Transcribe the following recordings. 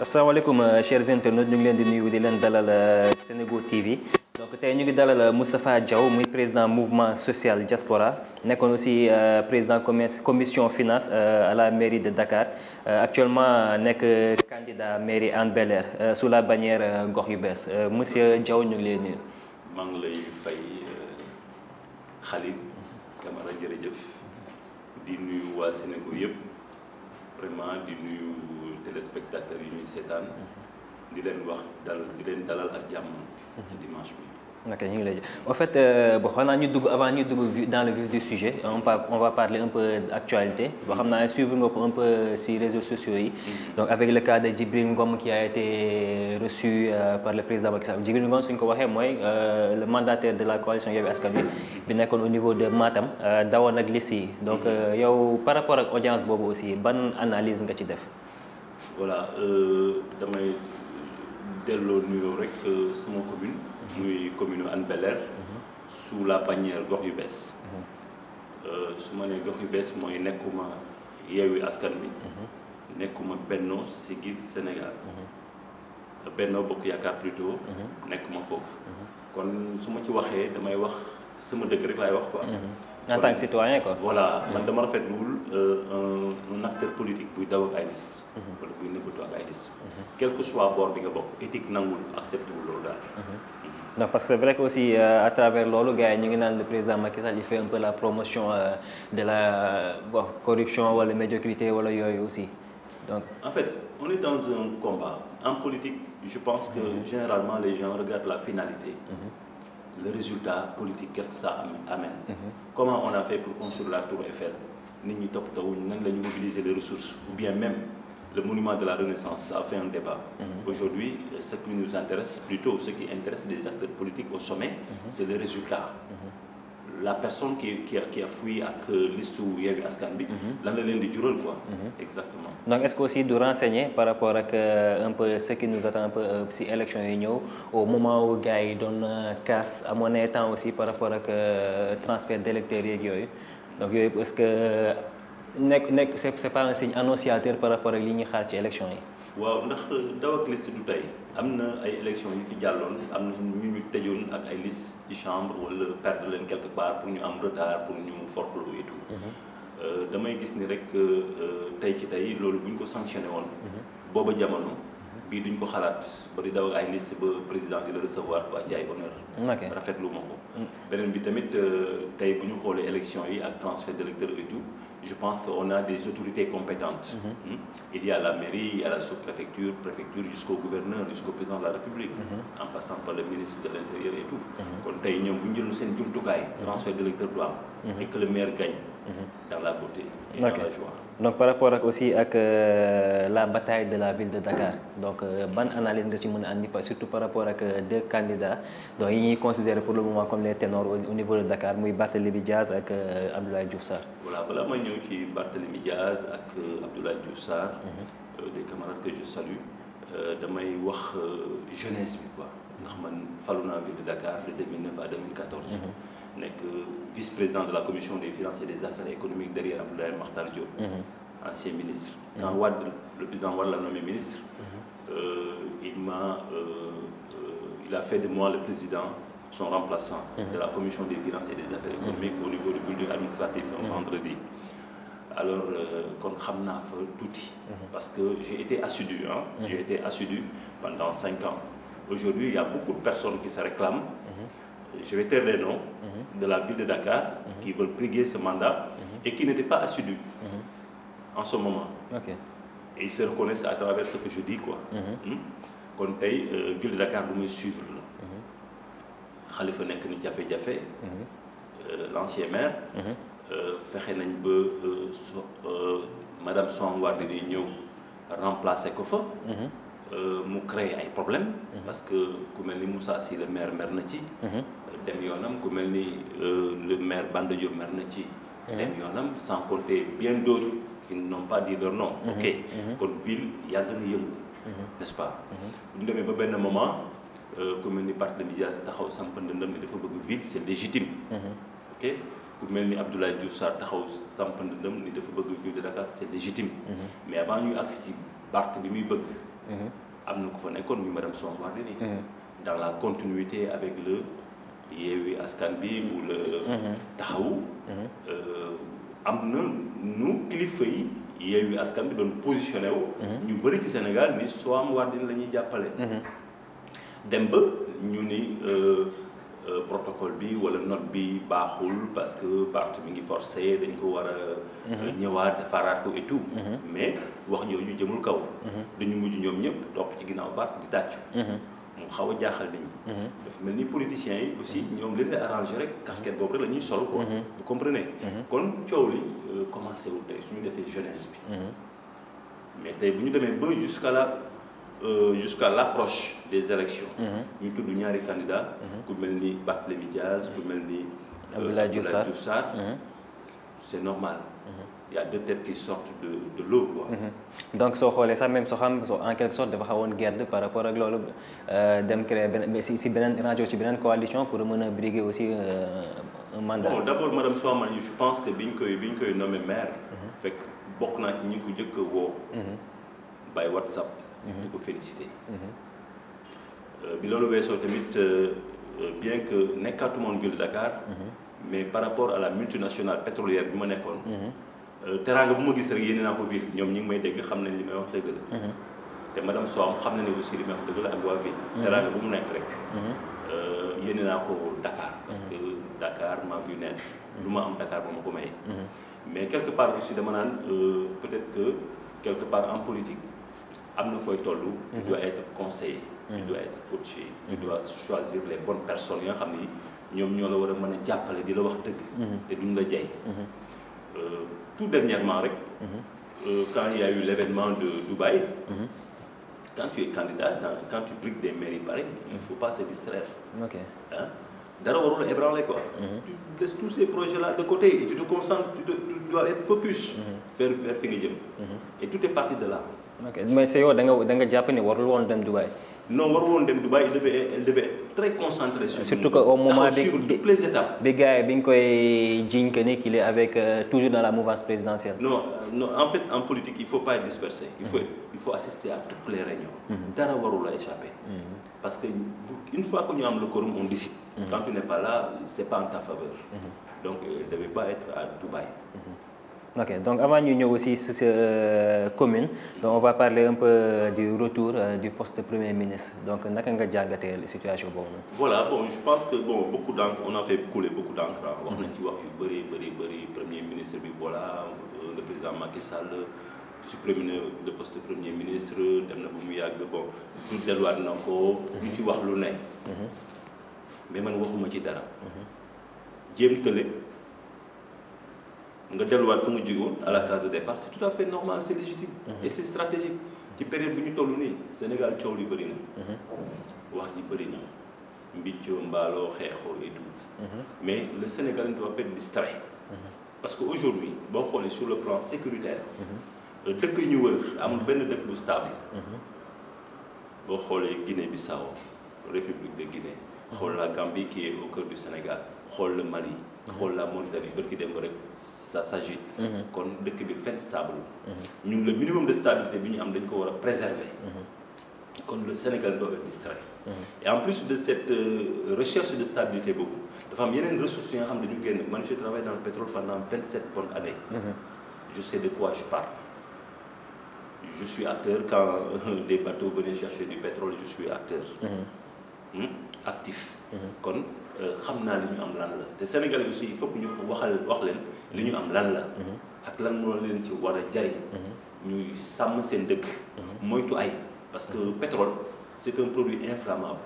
asalaamaaleykum euh, chers internautes ñu ngi leen di nuyu di leen dalal euh, Senego TV donc tey ñu ngi dalal euh, Moustapha jaw muy président mouvement social jaspora nekkoon aussi président commerce commission finance à la mairie de Dakar actuellement nekk candidat mairie Hann Bel-Air sous la bannière gox yu bees monsieur Diaw ñu ngi lay nuyu. lay fay Khalid Camara jërëjëf di nuyu waa Sénégal yëpp vraiment di nuyu. téléspectateurs yi ñuy di leen wax dal di leen dalal ak jàmm ci mhm. dimanche bi ok ñu ngi lay en fait euh, boo xam naa ñu dugg avant ñu dugg dans le vif du sujet on va on va parler un peu actualité boo naa suivre nga ko un peu euh, si réseaux sociaux yi. Mhm. donc avec le cas de Djibril Ngom qui a été euh, reçu par le président Macky Sall Djibril Ngom suñ ko waxee mooy le mandateur de la coalition Yewwi Askan Wi bi nekkoon au niveau de Matam dawoon ak liste yi donc mhm. yow par rapport ak audience boobu aussi ban analyse nga ci def. voilà euh, damay delloo nuyoo rek euh, suma commune. Mhm. muy commune Hann Bel-Air. Mhm. la bannière gox yu bees. Mhm. Euh, su ma nee gox yu bees mooy nekkuma yeewi askan bi. nekkuma Benno Siggil Sénégal. Benno Bokk Yaakaar plutôt. nekkuma foofu. kon su ma ci waxee damay wax sama dëkk rek laay wax ko am en tant que citoyen quoi. voilà man dama rafetluwul euh, un un acteur politique buy daw ak mhm. buy nëbbatu ak ay quel que soit bord bi nga bokk éthique nangul accepté wul loolu daal. non mhm. mhm. parce que c'est vrai que aussi euh, à travers loolu gars yi ñu ngi naan le président Macky Sall il fait un peu la promotion euh, de la euh, corruption wala médiocrité wala yooyu aussi donc. en fait on est dans un combat en politique je pense que généralement les gens regardent la finalité. le résultat politique qu'est-ce que ça amène. Mhm. comment on a fait pour construire la tour Eiffel nit ñi toppatoo nan la ñu mobiliser les ressources ou bien même le monument de la Renaissance ça a fait un débat. Mhm. aujourd'hui ce qui nous intéresse plutôt ce qui intéresse les acteurs politiques au sommet. Mhm. c'est le résultat. la personne qui qui a qui a fui ak euh, listu Yewwi Askan bi. Mhm. lan la leen di jural quoi. Mhm. exactement donc est-ce que aussi du renseigner par rapport ak euh, un peu ce qui euh, yi ñëw au moment où gars yi doon casse amoon na temps aussi par rapport ak transfert d'électeurs yeeg yooyu donc yooyu est-ce que nekk nekk c'est pas un signe annonciateur par rapport ak li ñuy xaar ci yi. waaw ndax euh, daw ak liste du tey am na ay élections yu fi jàlloon am na ñu ñu tëjoon ak ay liste ci chambre wala perdre leen quelque part pour ñu am retard pour ñu forclos et tout mhm. euh, damay gis ni rek euh, tey ci tey loolu bu ñu ko sanctionné woon mhm. booba jamono mhm. bii duñ ko xalaat ba di daw ak ay liste ba président di la recevoir ba ci ay honneur rafetlu ma ko mm. beneen bi tamit tey bu ñu xoolee élection yi ak transfert d'électeurs et tout je pense qu'on a des autorités compétentes. Mmh. Il y a la mairie, à la sous-préfecture, préfecture, jusqu'au gouverneur, jusqu'au président de la République, mmh. en passant par le ministre de l'Intérieur et tout. Quand tu as une transfert d'électeurs douane, mhm. et que le maire gagne mhm. dans la beauté et okay. dans la joie. donc par rapport ak aussi ak euh, la bataille de la ville de Dakar donc euh, ban analyse nga a andi surtout par rapport ak euh, deux candidats donc yi ñuy considéré pour le moment comme les muy Barthélémy Diaz ak Abdoulaye ñëw ci Barthélemy Diaz ak euh, Abdoulaye Diouf Sarr mhm. euh, des camarades que je salue euh, damay wax jeunesse bi quoi ndax man falu naa ville de Dakar de 2009 à mhm. nekk vice-président de la commission des finances et des affaires économiques derrière Abdoulaye Makhtar Diop mhm. ancien ministre quand Wade l'a nommé ministre il m'a il a fait de moi le président son remplaçant de la commission des finances et des affaires économiques au niveau du bureau administratif un vendredi alors euh, kon xam naa fa tuuti. Mhm. parce que j'ai été assidu ah. j'ai été assidu pendant cinq ans. aujourd'hui il y a beaucoup de personnes qui se réclament. Mhm. je vais taire les noms. de la ville de Dakar. qui veulent briguer ce mandat. et qui n'étaient pas assidus. en ce moment. ils se reconnaissent à travers ce que je dis quoi. Hmm? kon tey euh, ville de Dakar du muy suivre la. Khalifa nekk ni jafe euh, l'ancien maire. fexe nañ ba euh, so euh, madame Soham Wardini ñëw remplacer ko fa. Mhm. Euh, mu créer ay problème mhm. parce que ku mel ni Moussa Sy le maire mer na ci. Mhm. dem yoonam ku mel ni le maire Banda Diop mer na ci. dem yoonam sans compter bien d'autres qui n'ont pas dit leur nom. ok kon ville yàgg na yëngu. n'est-ce pas. bu ñu ba benn moment ku mel ni de Dias taxaw samp ndëndam dafa bëgg ville c'est légitime. ok ku mel ni Abdoulaye Diouf Sarr taxaw samp ndëndam ni dafa bëgg ville de c'est légitime. Mm-hmm. mais avant ñuy agsi ci Barth bi muy bëgg. Mm-hmm. am na ku fa nekkoon muy madame Soham Wardini mm-hmm. dans la continuité avec le Yewwi Askan bi ou le. Taxawu. Euh, am na nu kilifa yi Yewwi Askan bi doon positionné wu. ñu bëri ci Sénégal ni Soham Wardini la ñuy jàppale. dem ba ñu ni. Euh, Euh, protocole bi wala note bi baaxul parce que parti mi ngi forcé dañ ko war a mhm. euh, ñëwaat defaraat ko et tout mhm. mais wax jooju jëmul kaw mhm. dañu mujj ñoom ñëpp topp ci ginnaaw baat di tàccu mu xaw a jaaxal nit ñi dafa mel ni politiciens yi aussi ñoom leen lay arrangé rek casquette boobu rek la ñuy sol quoi vous comprenez kon coow li euh, commencé wul tey suñu defee jeunesse bi mais tey bu ñu demee ba jusqu'à la Euh, jusqu'à l'approche des élections mhm. ñu tudd ñaari candidat mhm. ku mel ni Barthélémy Diaz ku mel ni euh, Abdoulaye Diouf Sarr mhm. c'est normal a de de l'eau quoi. donc soo xoolee sax même soo xam en quelque sorte dafa xawoon gerte par rapport ak loolu euh, dem créer benn si si beneen rajo ci beneen coalition pour mën a briguer aussi un mandat. bon d' madame Sow man je pense que bi ñu koy bi ñu koy nommé maire. fekk bokk naa ci ko njëkk woo. by WhatsApp. Mhm. di ko félicité. Mhm. Euh, bi loolu weesoo tamit euh, euh, bien que nekkaatuma woon ville Dakar. Mhm. mais par rapport à la multinationale pétrolière bi ma nekkoon. teraanga bu ma gis rek yéene naa ko ville ñoom ñi ngi may dégg xam nañ li may wax dëgg la. te madame Sow xam na ne aussi li dëgg la ak waa ville. teraanga bu mu nekk rek. yéene naa ko Dakar. parce que Dakar ma vu nañ lu ma am Dakar ba ma ko maye. mais quelque part aussi dama naan peut-être que qu part en politique. am na fooy toll. tu mhm. dois être conseillé. tu mhm. dois être coaché. tu mhm. dois choisir les bonnes personnes yo xam ni ñoom ñoo la war a mën a jàppale di la wax dëgg. te duñ la jaay. Euh, tout dernièrement rek. Euh, quand il y a eu l'événement de Dubaï. quand tu es candidat dans quand tu briques des mairies pareil il faut pas distraire. ok dara warul a ébranler quoi. tu mhm. laisses tous ces projets là de côté et tu te concentres tu, te, tu focus. Mhm. vers fi nga jëm. Mhm. et tout est de là. mais sa yow da nga da nga jàpp ne warul woon dem Dubaï. non warul woon dem Dubaï il devait elle devait. très concentré sur surtout que au moment bi toutes les étapes bi gars koy jiñ que est avec euh, toujours dans la mouvance présidentielle non non en fait en politique il faut pas être dispersé il faut il faut assister à toutes les réunions mhm. dara warula échapper mhm. parce que une fois que ñu am le quorum on décide mhm. quand tu n'es pas là c'est pas en ta faveur donc il euh, devait pas être à Dubaï Ok, donc avant ñu ñëw aussi sur euh, ce commune donc on va parler un peu euh, du retour euh, du poste de premier ministre donc naka nga jàngatee situation boobu nag. voilà bon je pense que bon beaucoup d'encre on a fait couler beaucoup d'encre wax nañ ci wax yu bëri bëri bëri premier ministre bi voilà le président Macky Sall supprimé na le poste de premier ministre dem na ba mu yàgg bon ñu delluwaat na ko. ñu ci wax lu ne. Mhm. mais man waxuma ci dara. Mhm. jéem tële. nga delluwaat fu nga jógewoon à la case de départ c'est tout à fait normal c'est légitime mhm. et c'est stratégique ci période bu ñu toll nii Sénégal coow li bëri na mhm. wax ji bëri na mbiccoo mbaaloo xeexoo et mhm. mais le Sénégal ne doit pas être distrait parce que aujourd'hui boo xoolee sur le plan sécuritaire dëkk ñu wër amul benn dëkk bu stable boo xoolee Guinée-Bissau République de Guinée xool la Gambie qui est au cœur du Sénégal xool la Mali. xool la Mauritanie bërki dem ko rek ça s'agit mhm. kon dëkk bi fenn stable mhm. ñu le minimum de stabilité bi ñu am dañ ko war a préserver. Mhm. kon le Sénégal doit être distrait. et en plus de cette euh, recherche de stabilité boobu dafa am yeneen ressources yi nga xam ne dañu génn man je travaille dans le pétrole pendant vingt sept bonnes années. je sais de quoi je parle. je suis acteur quand euh, des bateaux venaient chercher du pétrole je suis acteur. Hmm? actif kon. xam naa li ñu am lan la te sénégal aussi il faut que ñu waxal wax leen li ñu am lan la mhm. ak lan moo leen ci war a jariñ mhm. ñuy sàmm seen dëkk mhm. moytu ay parce que pétrole c'est un produit inflammable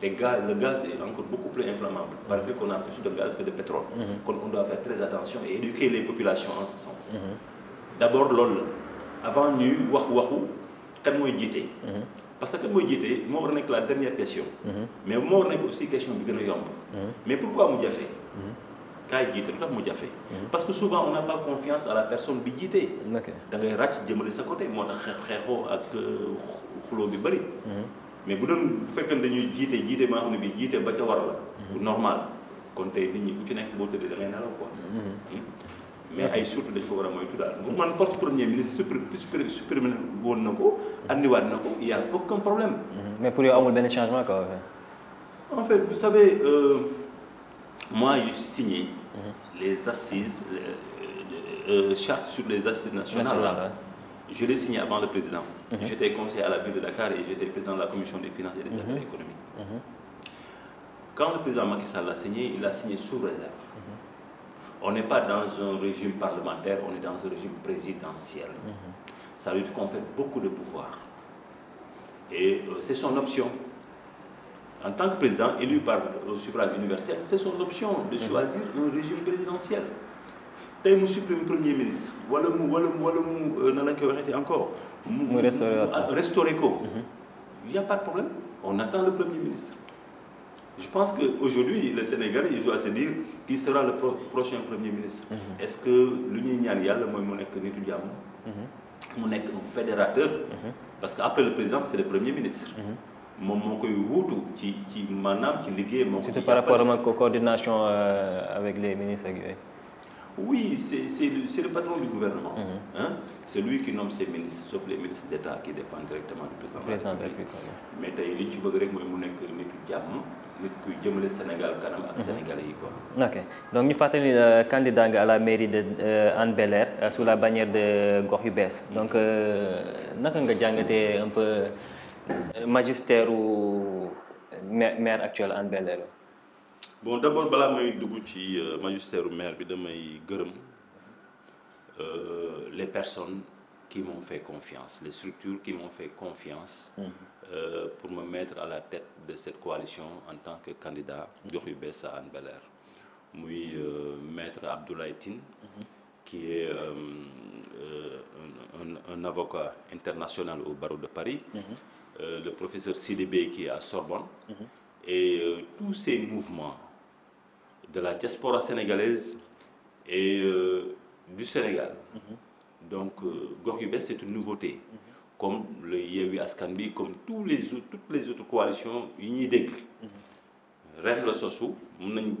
te gaz le gaz est encore beaucoup plus inflammable parce qu'on a plus de gaz que de pétrole kon on a faire très attention et éduquer les populations en ce sens d'abord loolu la avant ñuy wax waxu kan mooy jiite parce que mooy jiite moo war a nekk la dernière question. Mhm. mais moo war a nekk aussi question bi gën a yomb. Mhm. mais pourquoi mu jafe. Mhm. kaay jiite lu tax mu jafe. parce que souvent on n'a pas confiance à la personne bi jiite. da ngay ràcc jëmale sa coté moo tax xeex xeexoo ak euh, xuloo bi bëri. mais bu doon bu fekkee dañuy jiite jiite ba nga xam ne jiite ba ca war la. bu normal kon tey nit ñi ku ci nekk boo tëddee da ngay nelaw quoi. Hmm. mais ay surtout dañ ko war a moytu daal bu man poste premier ministre supprime supprime supprimé woon na ko andiwaat na ko y' a aucun problème. Mhm. mais pour yow amul benn changement quoi. en fait vous savez euh, moi j'ai signé. Mhm. les les, euh, euh charte sur les assises nationales. nationales je l'ai signé avant le président. Mm j'étais conseiller à la ville de Dakar et j'étais président de la commission des finances et des mm -hmm. affaires économiques. Mhm. quand le président Macky Sall l'a signé il on n'est pas dans un régime parlementaire, on est dans un régime présidentiel. Mmh. Ça veut dire qu'on fait beaucoup de pouvoir. Et euh, c'est son option. En tant que président élu par le euh, suffrage universel, c'est son option de mhm. choisir mmh. un régime présidentiel. tey mu supprimer premier ministre wala mu wala mu wala mu euh, nan lañ koy waxeeti encore. mu restaurer ah, ko. il mhm. y a pas de problème on attend le premier ministre. Je pense qu'aujourd'hui, les Sénégalais, ils doivent se dire qui sera le pro prochain Premier ministre. Mm -hmm. Est-ce que l'Union Yalla, moi, mon mon est un fédérateur, mhm. parce qu'après le président, c'est le Premier ministre. Mhm. moom moo koy wuutu ci ci maanaam ci liggéey moo ko par rapport ak coordination euh, avec les ministres ak yooyu. oui c'est c'est le patron du gouvernement. Mhm. c'est lui qui nomme ses ministres sauf les ministres d'État qui dépendent directement du président, président de la République mais tey li ñu ci bëgg rek mooy mu nekk nitu jàmm nit kuy jëmale Sénégal kanam ak mhm. Sénégalais yi quoi. ok donc ñu fàttali euh, candidat nga à la mairie de euh, Hann Bel-Air euh, sous la bannière de gox yu bees donc naka nga jàngatee un peu magistère u maire actuel Hann Bel-Air bon d'abord balaa may dugg ci magistère maire bi damay gërëm. euh, les personnes qui m'ont fait confiance, les structures qui m'ont fait confiance mmh. euh, pour me mettre à la tête de cette coalition en tant que candidat Gorubès mhm. à Anne Belair. Oui, euh, maître Abdoulaye Tine, mmh. qui est euh, euh, un, un, un, avocat international au barreau de Paris, mmh. le professeur Sidibé qui est à Sorbonne, mhm. et tous ces mouvements de la diaspora sénégalaise et euh, du Sénégal. Mhm. donc euh, gox yu bees c'est une nouveauté. Mhm. comme le Yewwi Askan bi comme tous les autres toutes les autres coalitions yi ñuy dégg. Mhm. ren la sosu mun nañ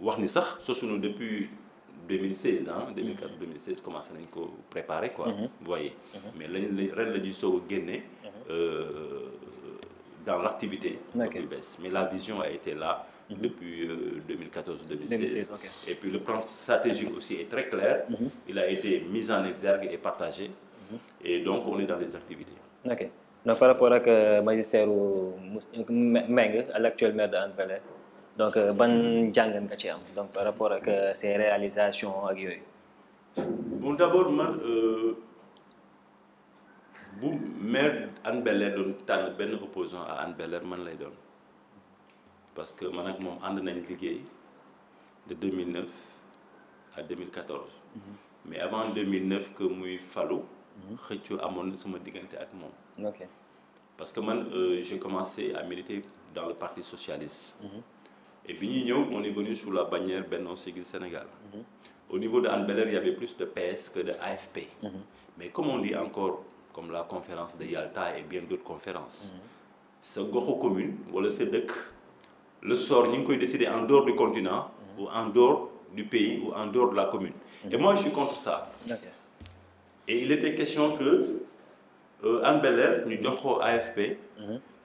wax ni sax sosu na depuis 2016 ah. 2004 2016 commencé nañ ko préparer quoi. vous voyez mais lañ ren la ñuy soog a génne. Euh, dans l'activité okay. E Mais la vision a été là mm -hmm. depuis euh, 2014-2016. Okay. Et puis le plan stratégique aussi très clair. Mhm. Il a été mis en exergue et partagé. Mm -hmm. Et donc on est dans les activités. Ok. Donc par rapport euh, à que magistère ou Meng, l'actuel maire de anne donc euh, ban jàngan nga ci am donc par rapport ak euh, ses réalisation ak yooyu. Bon d'abord man. bu maire Hann bel doon tànn benn opposant à Hann bel man lay doon parce que man ak moom ànd nañ liggéey de 2009 à 2014 mhm. mais avant 2009 que muy falu mhm. xëccoo amoon na sama diggante ak moom parce que man euh, j'ai commencé à militer dans le parti socialiste mhm. et bi ñuy ñëw on ni venu sous la bannière Benno Siggil Sénégal au niveau de Hann Bel-Air il plus de PS que de AFP mais comme on dit encore comme la conférence de Yalta et bien d'autres conférences sa goxu commune wala sa dëkk le sort ñu ngi koy décider en dor du continent ou en dehors du pays ou en dehors de la commune et moi je suis contre ça et il était question que euh, Hann Bel-Air ñu jox ko AFP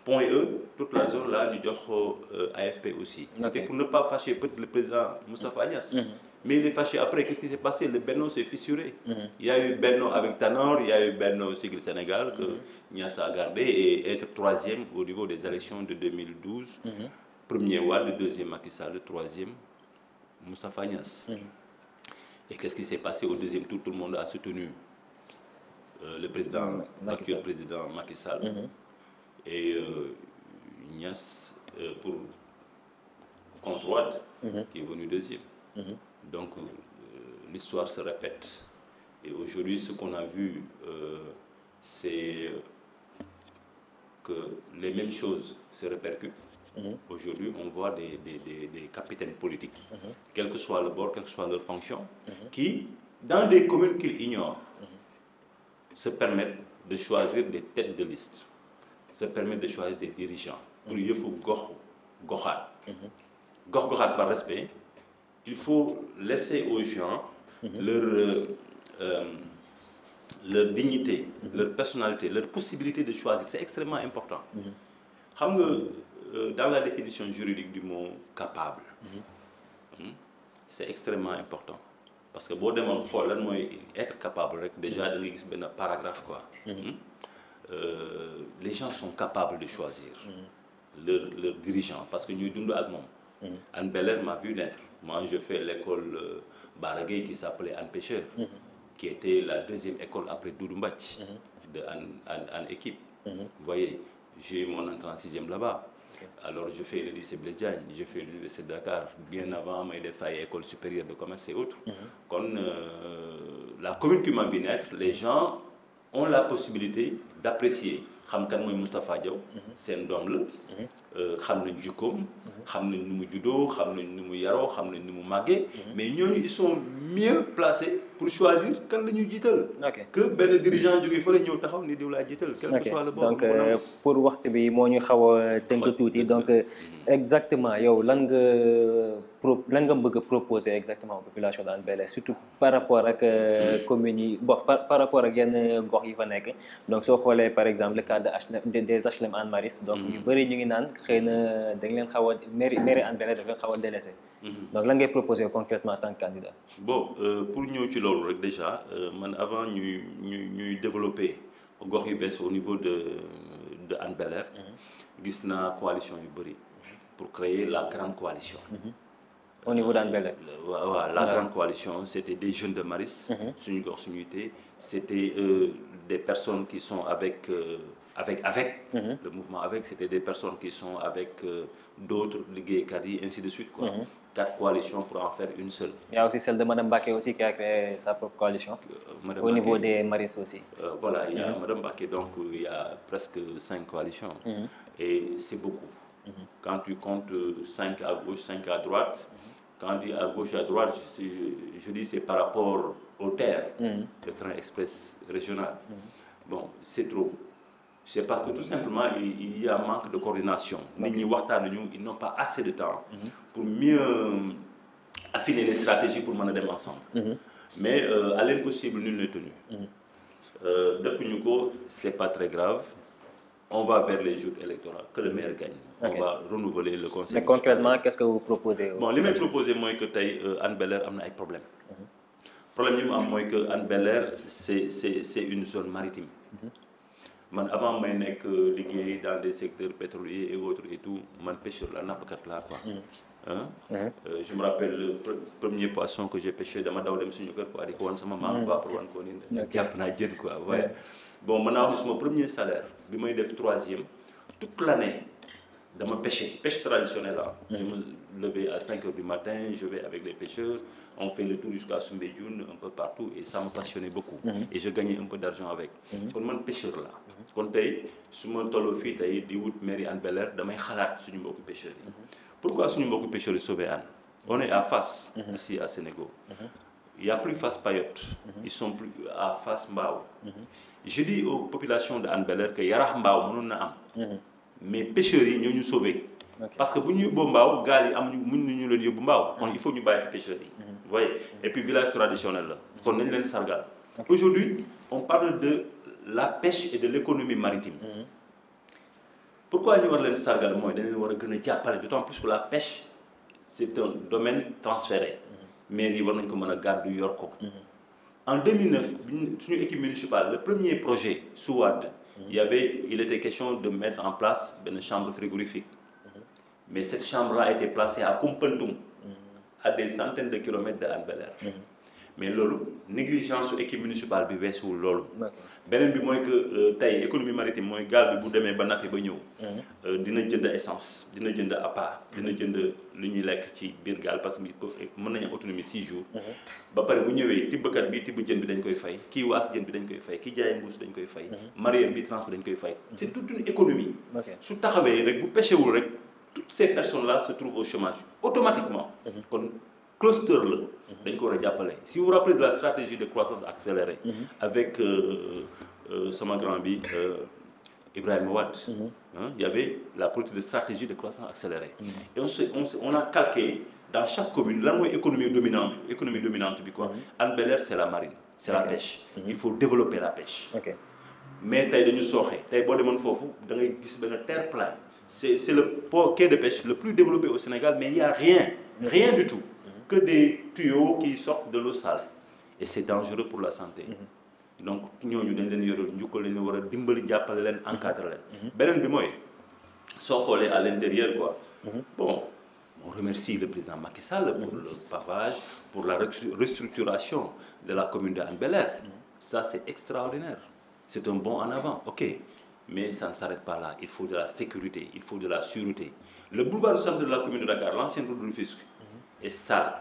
Point E toute la zone là ñu jox ko euh, AFP aussi c'était pour ne pas fâcher peut le président Moustapha Niass mhm. Mais il est fâché. Après, qu'est-ce qui s'est passé Le Benno s'est fissuré. Mhm. Il y a eu Benno avec Tanor, il y a eu Benno aussi Sénégal, que mhm. Niassa a gardé, et être troisième au niveau des élections de 2012. Mhm. Premier Wade, deuxième Macky Sall, troisième Moustapha Niass. Et qu'est-ce qui s'est passé au deuxième Tout le monde a soutenu euh, le président, l'actuel président Macky Et euh, euh, pour contre droite, qui est venu deuxième. Donc euh, l'histoire se répète. Et aujourd'hui, ce qu'on a vu, euh, c'est que les mêmes choses se répercutent. Mmh. Aujourd'hui, on voit des, des, des, des capitaines politiques, mmh. que soit le bord, quelle que soit leur fonction, mmh. qui, dans des communes qu'ils ignorent, mhm. se permettent de choisir des têtes de liste, se permettent de choisir des dirigeants. Pour mhm. yëfu gox goxaat. Mhm. gox par respect. il faut laisser aux gens mhm. leur, euh, euh, leur dignité, mhm. leur personnalité, leur possibilité de choisir. C'est extrêmement important. Mhm. xam nga euh, dans la définition juridique du mot capable. Hmm, c'est extrêmement important parce que boo demoon xool lan mooy être capable rek déjà da nga gis paragraphe quoi. Hmm? Euh, les gens sont capables de choisir. leur leur dirigeant parce que ñuy dund ak moom. Mm-hmm. Anne Belair m'a vu naître. Moi, je fais l'école euh, Baragay qui s'appelait Anne Pêcheur, mm-hmm. qui était la deuxième école après Doudoumbach mm-hmm. de Anne, Anne, Anne Équipe. Vous voyez, j'ai eu mon entrée en sixième là-bas. Alors, je fais l'université de Dakar, bien avant, mais des failles école supérieure de commerce et autres. Comme euh, la commune qui m'a vu naître, les gens ont la possibilité d'apprécier. xam kan mooy Moustapha Diaw mhm. seen doom la mhm. euh, xam nañ jikkoom mhm. xam nañ ni mu juddoo xam nañ ni mu yaroo xam nañ ni mu màggee mais ñooñu ils sont mieux placés pour choisir kan la ñuy jiital. que benn dirigeant jógee fa la taxaw ni diw laa jiital. quel que soit donc euh, pour waxtu bi moo ñuy xaw a tënk tuuti donc euh, exactement yow lan nga pro lan nga bëgg proposer exactement population de Hann bel surtout par rapport ak euh, communes yi bon par rapport ak yenn gox yi fa nekk donc soo xoolee par exemple le cas de HLM des HLM Hann Maristes. donc hmm. ñu bëri ñu ngi naan xëy na da nga leen xaw a mairie mairie Hann Bel-Air leen xaw a délaissé. Mhm. donc lan ngay proposer concrètement en tant que candidat. bon euh, pour ñëw ci loolu rek déjà euh, man avant ñuy ñuy ñuy développer gox yu bees au niveau de de Hann bel mhm. naa coalition yu bëri pour créer la grande coalition. Mhm. au niveau d'Anne bel euh, la grande coalition c'était des jeunes de Maris suñu gox suñu yitte c'était euh, des personnes qui sont avec avec avec le mouvement avec c'était des personnes qui sont avec d'autres liggéeykat yi ainsi de suite quatre coalitions pour en faire une seule. Il y a aussi celle de Mme Baké aussi qui a créé sa propre coalition euh, Mme au Baké, niveau des maristes aussi. Euh, voilà, il y a mm -hmm. Mme Baké, donc il y a presque cinq coalitions mm -hmm. et c'est beaucoup. Mm -hmm. Quand tu comptes euh, cinq à gauche, cinq à droite, mhm. quand tu dis à gauche, à droite, je, je, je dis c'est par rapport aux terres, mhm. le train express régional. Mhm. Bon, c'est trop. c' est parce que tout simplement il y a manque de coordination. nit ñi waxtaanuñu ils n'ont pas assez de temps. Mhm. pour mieux euh, affiner les stratégies pour mën a dem ensemble. Mhm. mais euh, à l'impossible nul n'est tenu. Mhm. Euh, defuñu ko c' est pas très grave. on va vers les jours électoraux que le maire gagne. Okay. on va renouveler le conseil. mais concrètement qu'est-ce que vous proposez. bon li may proposé mooy que tey euh, Hann Bel-Air am na ay problèmes. problème yi mu am mooy que Hann Bel-Air c' est c' est c' est une zone maritime. Mm -hmm. man avant may nekk euh, liggéey dans des secteurs pétroliers et autres et tout man pêcheur la nappkat la quoi. ah. je me rappelle le premier poisson que j'ai pêché dama daw dem suñu kër quoi di ko wan sama maam mm. quoi pour wan ko ni jàpp naa jën quoi. Mm. waaye bon mën naa am sama premier salaire bi may def troisième toute l'année. dama pêcher pêche traditionnelle ah. je me levais à cinq heures du matin je vais avec les pêcheurs on fait le tour jusqu'à Soumbédioune un peu partout et ça me passionnait beaucoup. Mm-hmm. et je gagnais un peu d'argent avec. Mm-hmm. kon man pêcheur la mm-hmm. kon tey su ma tolloo fii tey di wut mairie Hann Bel-Air damay xalaat suñu mbokku pêcheurs yi. pourquoi suñu mbokku pêcheurs yi sauvé Hann on est à Fass. ici à Sénégal. il y plus Fass Payotte. ils sont plus à Fass Mbao. je dis aux populations de mais pêcheurs yi ñoo ñu sauvé. parce que bu ñuy yóbboo mbaaw gaal yi am mënuñu ñu leen yóbbu mbaaw. kon il faut ñu bàyyi fi pêcheurs yi. Mhm. vous voyez et puis village traditionnel la. kon nañ leen sargal. aujourd'hui on parle de la pêche et de l'économie maritime. Mhm. pourquoi ñu war leen sargal mooy dañ leen war a gën a jàppale d'autant plus que la pêche c'est un domaine transféré. Mhm. mais yi war nañ ko mën a gàddu yor ko. en 2009 suñu équipe municipale le premier projet SUWAD. il y avait il était question de mettre en place benn chambre frigorifique mhm. mais cette chambre là a été placée à Koumpentoum mhm. à des centaines de kilomètres de Hann Bel-Air mhm. mais loolu négligence su équipe municipale bi weesuwul loolu. beneen bi mooy que euh, tey économie maritime mooy gaal bi bu demee ba nappi ba ñëw. Mhm. Euh, dina jënd essence dina jënd appât dina jënd lu ñuy lekk ci biir gaal parce que euh, mën nañu am autonomie 6 jours. Mhm. ba pare bu ñëwee tibbkat bi tibb jën bi dañ koy fay kii waas jën bi dañ koy fay ki jaay mbuus dañ koy fay. Mhm. mareyeur bi transport dañ koy fay. c'est toute une économie. su taxawee rek bu pêchewul rek toutes ces personnes là se trouvent au chômage automatiquement. kon cluster la dañ ko jàppale si vous vous rappelez de la stratégie de croissance accélérée mhm. avec euh, euh, sama grand bi euh, Ibrahima Wade mhm. il y avait la politique de stratégie de croissance accélérée mhm. et on se on a calqué dans chaque commune lan mooy économie dominante économie dominante bi quoi c'est la marine c'est la pêche il faut développer la pêche mais tey dañu sooxee tey boo demoon foofu da ngay gis benn terre-plein c'est le port de pêche le plus développé au Sénégal mais il y que des tuyaux qui sortent de l'eau sale et c'est dangereux pour la santé mhm. donc ñooñu dañ leen yore njukkal la ñu war a dimbali jàppale leen mhm. encadrer leen mhm. beneen bi mooy soo xoolee à l'intérieur quoi bon on remercie le président Macky Sall pour le pavage pour la restructuration de la commune de Hann Bel-Air ça c'est extraordinaire c'est un bond en avant ok mais ça ne s'arrête pas là il faut de la sécurité il faut de la sûreté le boulevard du centre de la commune de Dakar l'ancienne route de Rufisque et sale,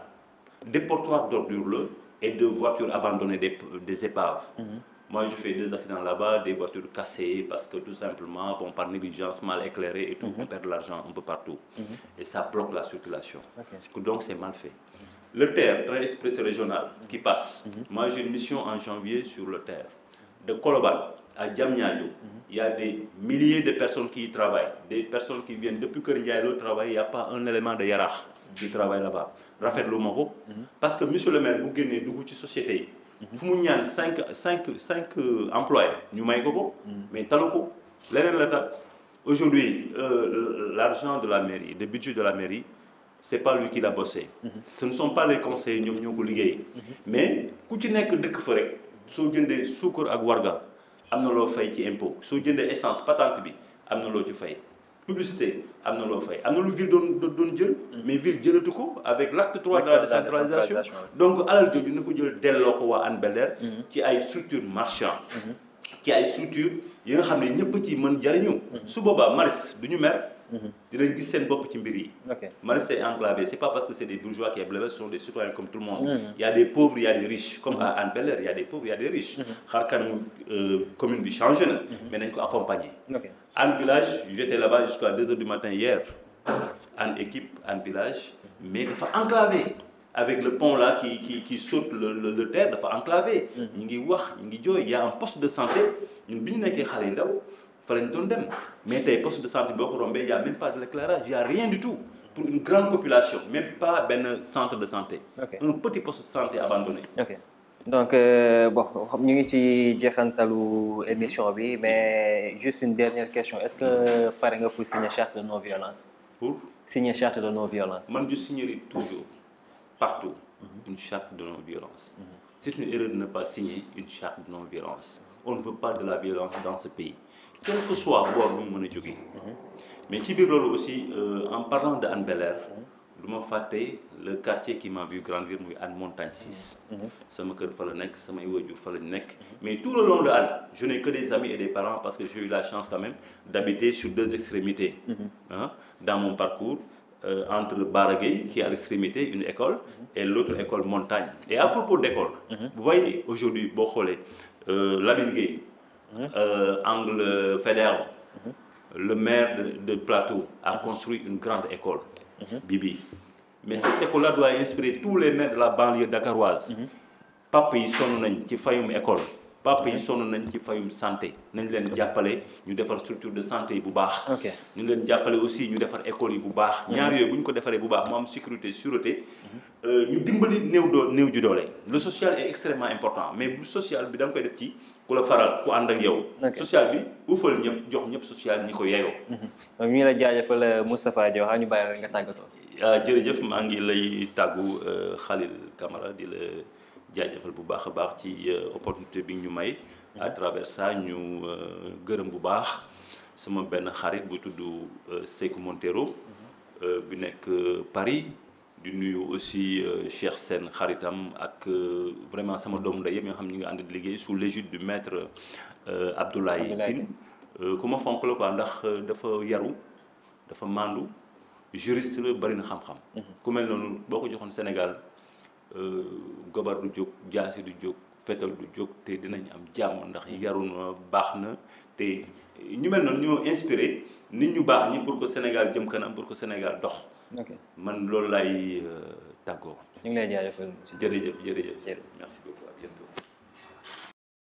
des portoirs d'ordures et de voitures abandonnées des, des épaves. Mm -hmm. Moi, je fais deux accidents là-bas, des voitures cassées parce que tout simplement, bon, par négligence, mal éclairée et tout, mm -hmm. on perd de l'argent un peu partout. Mm -hmm. Et ça bloque la circulation. Okay. c'est mal fait. Le TER, Train Express Régional, qui passe. Mhm. Mhm. Moi, j'ai une mission en janvier sur le TER. De Koloban à Djamnyadjo, mhm. il y a des milliers de personnes qui y travaillent. Des personnes qui viennent de hiérarchie du travail là-bas rafetlu ma ko. Mhm. parce que monsieur le maire bu génnee dugg ci société yi. Mhm. fu mu ñaan cinq cinq cinq euh, employés ñu may ko ko. Mhm. mais talu ko leneen la tal aujourd'hui euh, l' argent de la mairie le budget de la mairie c'est pas lui qui l'a bossé. ce ne sont pas les ñoom ñoo ko liggéey. mais ku ci nekk dëkk fa rek soo jëndee suukar ak warga am na loo fay ci impôt soo jëndee essence patente bi am na loo ci fay. publicité am na loo fay am na lu ville doon doon jël. mais ville jëlatu ko avec l' acte trois de la décentralisation donc alal jooju na ko jël delloo ko waa Hann bel mhm. ci ay structures marchandes. Mhm. ci ay structures yi nga xam ne ñëpp ci mën jariñu mhm. su boobaa maris du ñu mer. Mhm. dinañ gis seen bopp ci mbir yi. ok Maristes enclavé c' pas parce que c' est des bourgeois qui est blême ce sont des citoyens comme tout le monde. Mmh. il y a des pauvres il y des riches. comme mhm. à Hann Bel-Air des pauvres il y des riches. Mhm. xar kanamu euh, commune bi change na. mais nañ ko accompagner. ok Hann village j' étais là-bas jusqu'à 2 heures du matin hier. Hann équipe Hann village mais dafa enclavé. avec le pont là qui qui qui saute le le, le terre dafa enclavé. ñu ngi wax ñu ngi jooy y' a un poste de santé ñun bi ñu nekkee xale yu fa lañ doon dem mais tey post de santé boo ko rombee y' a pas de l' éclairage y' a rien du tout pour une grande population même pas benn centre de santé. Okay. un petit poste de santé abandonné. Okay. donc euh, bon xam ñu ngi ci jeexantalu émission bi mais juste une dernière question est-ce que pare nga pour signer charte de non violence. pour signer charte de non violence. man je signerai toujours partout une charte de non violence. Mhm. c'est une ne pas signer une charte de non violence. quel que boor bu mu mën a jógee. Mhm. mais ci biir loolu aussi euh, en parlant de Hann Bel-Air du ma fàtte le quartier qui m'a vu grandir muy Hann Montagne 6. Mhm. Mhm. sama kër fa la nekk samay waajur fa lañ nekk. mais tout le long de Hann je n'ai que des amis et des parents parce que j'ai eu la chance quand même d'habiter sur deux extrémités. Hein, dans mon parcours. Euh, entre Bara Gueye qui est l'extrémité une école et l'autre école Montagne et à propos d'école. Mm vous voyez aujourd'hui euh, angle Faidherbe le maire de, de Plateau a construit une grande école Bibi mais cette école-là doit inspirer tous les maires de la banlieue dakaroise mhm. papa yi sonne nañ ci fayum école papa yi sonn nañ ci fayum santé nañ leen jàppale ñu defar structure de santé yi bu baax ñu leen jàppale aussi ñu defar école yi bu baax ñaar yooyu bu ñu ko defaree bu baax mu am sécurité sûreté mhm. euh, ñu dimbali néew doo néew ju doole le social est extrêmement important mais bu social bi da nga koy def ci ku la faral ku ànd ak yow social bi uufal ñëpp jox ñëpp social ñi ko yeyoo mhm. ñu ngi la jaajëfal euh, Moustapha Diaw ñu bàyyi la nga tàggatoo ah, jërëjëf maa ngi lay tàggu euh, Khalil Kamara di la jaajëfal bu baax a baax ci euh, opportunité bi ñu may mm-hmm. à travers ça ñu euh, gërëm bu baax sama benn xarit bu tudd euh, Sekou Montero mm-hmm. bi nekk Paris di nuyu aussi Cheikh seen xaritam ak vraiment sama doomu ndey yëpp ñoo xam ñu ngi ànd di liggéey sous l'égide du maître Abdoulaye Tine ku ma fonk la quoi ndax dafa yaru dafa màndu juriste la bari na xam-xam mm-hmm. ku mel noonu boo ko joxoon Sénégal Euh, gobar du jóg jaasi du jóg fetal du jóg te dinañ am jàmm ndax yaruna baax na te ñu mel noonu ñoo inspiré nit ñu baax ñi pour que Sénégal jëm kanam pour que Sénégal dox. man loolu laay euh, tàggoo. ñu ngi lay jaajëfal. jërëjëf jërëjëf merci beaucoup à bientôt.